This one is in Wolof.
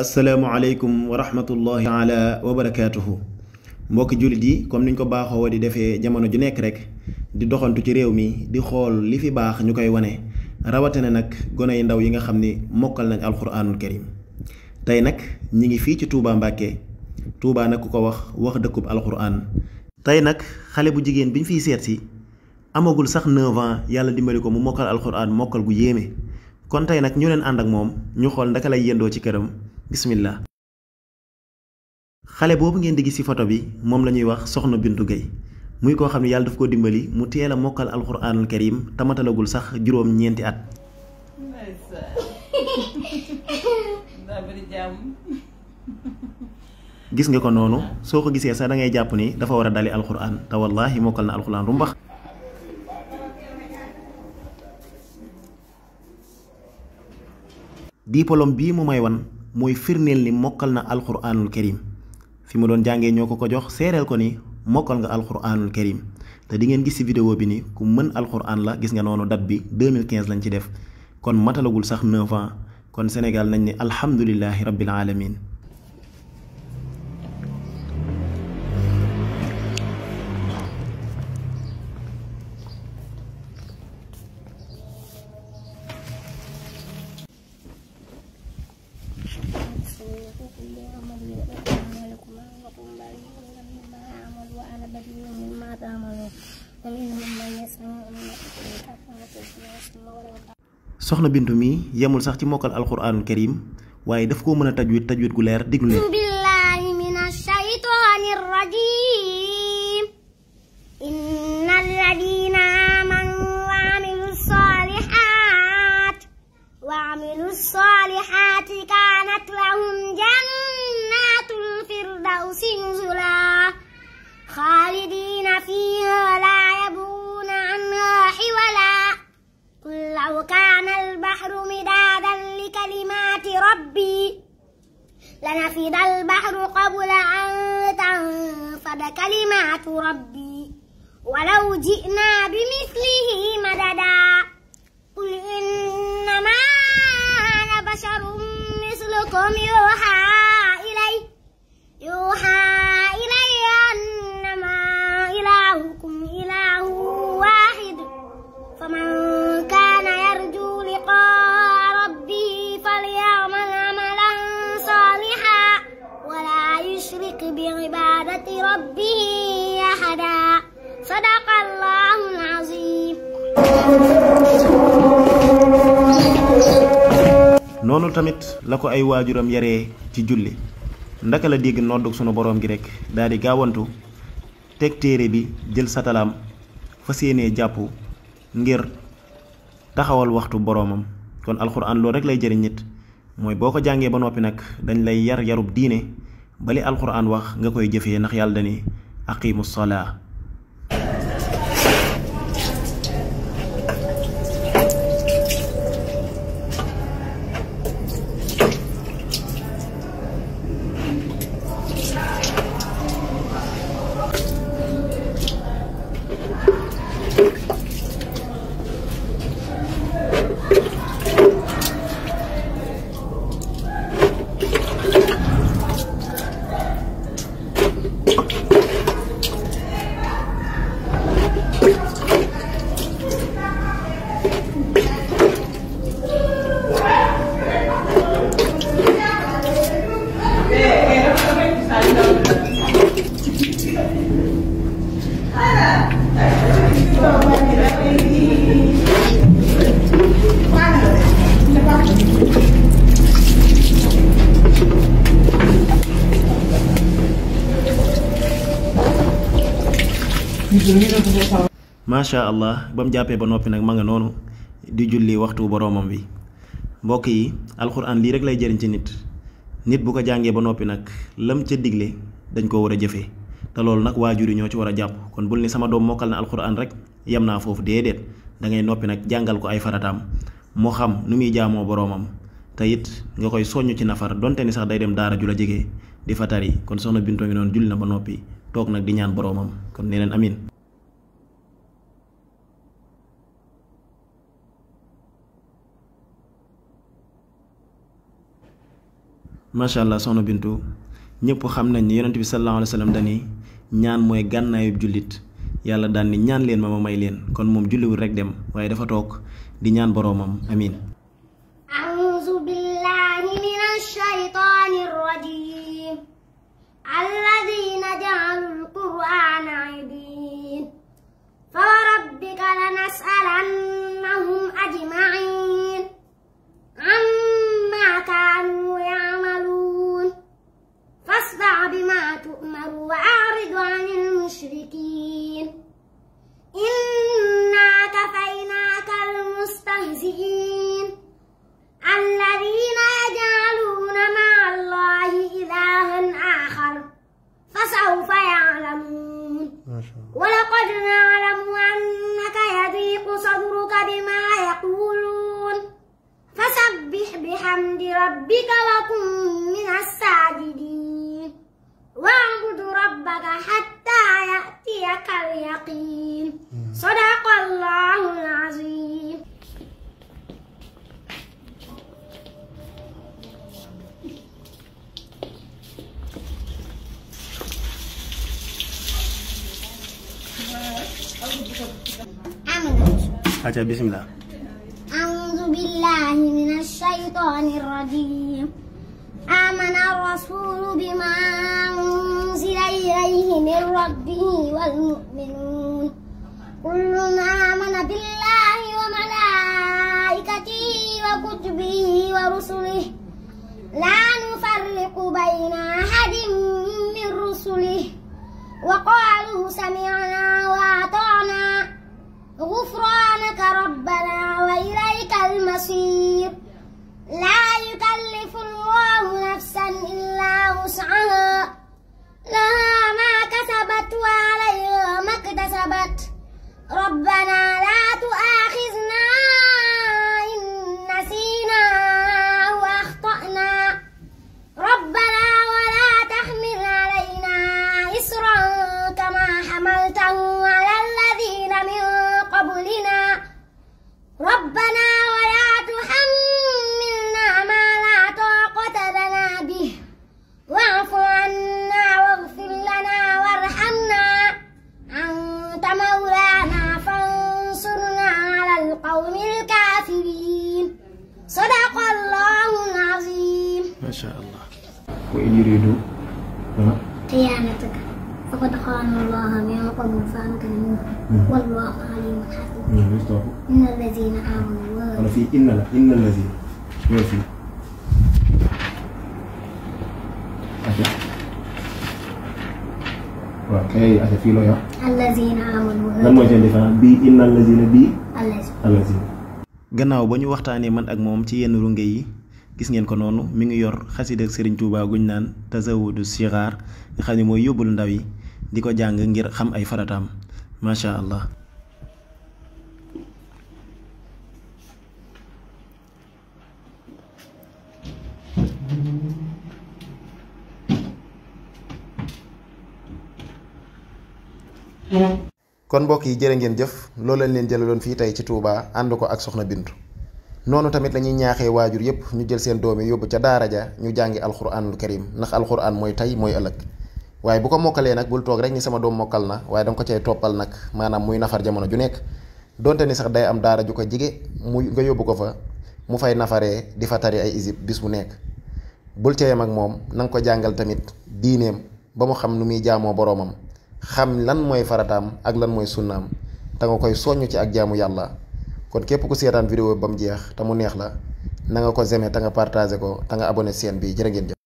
asalaamualeykum wa rahmatullahi taala wa barakaatuhu mbokki jullit yi comme niñ ko baaxoo di defee jamono ju nekk rek di doxantu ci réew mi di xool li fi baax ñu koy wane rawatina nag gone yu ndaw yi nga xam ni mokkal nañ alquraanul karim tey nag ñi ngi fii ci Touba Mbàkke Touba nag ku ko wax wax dëkkub alquraan tey nag xale bu jigéen bi ñu fiy seet si amagul sax 9 ans yàlla dimbali ko mu mokkal alquraan mokkal gu yéeme kon tey nag ñu leen ànd ak moom ñu xool ndaka lay yendoo ci këram bismillah xale bobu ngeen di gis ci photo bi mom lañuy wax soxna bintu gay muy ko xamni yalla daf ko dimbali mu teel a mokkal alquranul karim tamatalagul sax juróom ñenti at gis nga ko nonu soko ko gisee sax da ngay japp ni dafa wara dali alquran ta wallahi mokal na alquran rumba diplôme bi mu may wan moy firnel ni mokal na alxuraanul karim fi mu don jange ñoko ko jox sérel ko ni mokal nga alxuraanul karim te di ngeen gis ci vidéo bi ni ku mën alxuraan la gis nga nonu date bi 2015 lañ ci def kon matalagul sax 9 ans kon Sénégal nañ ni alhamdulilahi rabbil alamin soxna bintu mi yemul sax ci mokkal alxuraanul karim waaye daf koo mën a tajwid tajwid gu leer diglu leen ربي لنفد البحر قبل أن تنفد كلمات ربي ولو جئنا بمثله مددا قل إنما أنا بشر مثلكم يوحى إلي يوحى nonu tamit la ko ay wajuram yare ci julli ndaka la deg noddu sunu borom gi rek daal gawantu tek tere bi jël satalam fasiyene jappu ngir taxawal waxtu boromam kon alquran lo rek lay jeriñ nit moy boko jange ba nopi nak dañ lay yar yarub diine bali alquran wax nga koy jëfé nak yalla dani aqimus salaah macha allah ba mu jàppee ba noppi nag mu nga noonu di julli waxtu boroomam bi mbokk yi alxuraan lii rek lay jëriñ ci nit nit bu ko jàngee ba noppi nag lam ca digle dañ ko war a jëfe te loolu nag waajur yi ñoo ci war a jàpp kon bul ne sama doom mokkal na alxuraan rek yem naa foofu déedéet da ngay noppi nag jàngal ko ay farataam moo xam nu muy jaamoo boroomam te it nga koy soññ ci nafar donte ne sax day dem daara ju la jege di fa tari kon soxna Bintu mi noonu julli na ba noppi toog nag di ñaan boroomam kon leen amin macha allah soxna bintu ñepp xam nañ ni yaronte bi sallallahu alayhi wasallam sallam dani ñaan moy gànnaayub julit yalla daan ni ñaan leen mama may leen kon mom julli wu rek dem waye dafa tok di ñaan boromam amin a'udzu billahi minash shaitanir rajim alladheena ja'alul qur'ana القرآن fa rabbika lanas'alannahum ajma'in المشركين إنا كفيناك المستهزئين الذين يجعلون مع الله إلها آخر فسوف يعلمون ولقد نعلم أنك يضيق صدرك بما يقولون فسبح بحمد ربك وكن من الساجدين واعبد ربك حتى ya'tiyakal yaqin Sadaqallahu azim Baca bismillah A'udzubillahi minasyaitonirrajim آمن الرسول بما أنزل إليه من ربه والمؤمنون كل آمن بالله وملائكته وكتبه ورسله لا نفرق بين أحد من رسله وقالوا سمعنا وأطعنا غفرانك ربنا وإليك المصير إن يريدوا خيانتك فقد خانوا الله من قبل فأنكروا والله عليم حكيم إن الذين آمنوا قال في إن لا إن الذين يوفي اوكي اتي في لو يا الذين آمنوا lan mooy seen différence bii inna allazina bii allazina gannaaw ba ñu waxtaanee man ak moom ci yenn runge yi gis ngeen ko nonu mi ngi yor xasida ak Serigne Touba guñ nan tazawudu sigar nga xani moy yobul ndaw yi di ko ngir xam ay farataam macha allah kon mbok yi jere ngeen def loolu lañ leen jëlaloon fi tay ci Touba ànd ko ak soxna Bintu noonu tamit la ñaaxee waajur yépp ñu jël seen doom yi yóbbu ca daara ja ñu jàngi alxuraanul karim ndax alxuraan mooy tey mooy ëllëg waaye bu ko mokkalee nag bul toog rek ni sama doom mokkal na waaye danga ko cay toppal nag maanaam muy nafar jamono ju nekk donte ni sax day am daara ju ko jige mu nga yóbbu ko fa mu fay nafaree di fa tari ay isib bis bu nekk bul ca yem ak moom na nga ko jàngal tamit diineem ba mu xam nu muy jaamoo boroomam xam lan mooy farataam ak lan mooy sunnaam te koy soññ ci ak jaamu yàlla kon képp ku seetaan vidéo ba mu jeex te mu neex la na nga ko zeme te nga ko te nga abonné chaîne bi jërë ngeen jëf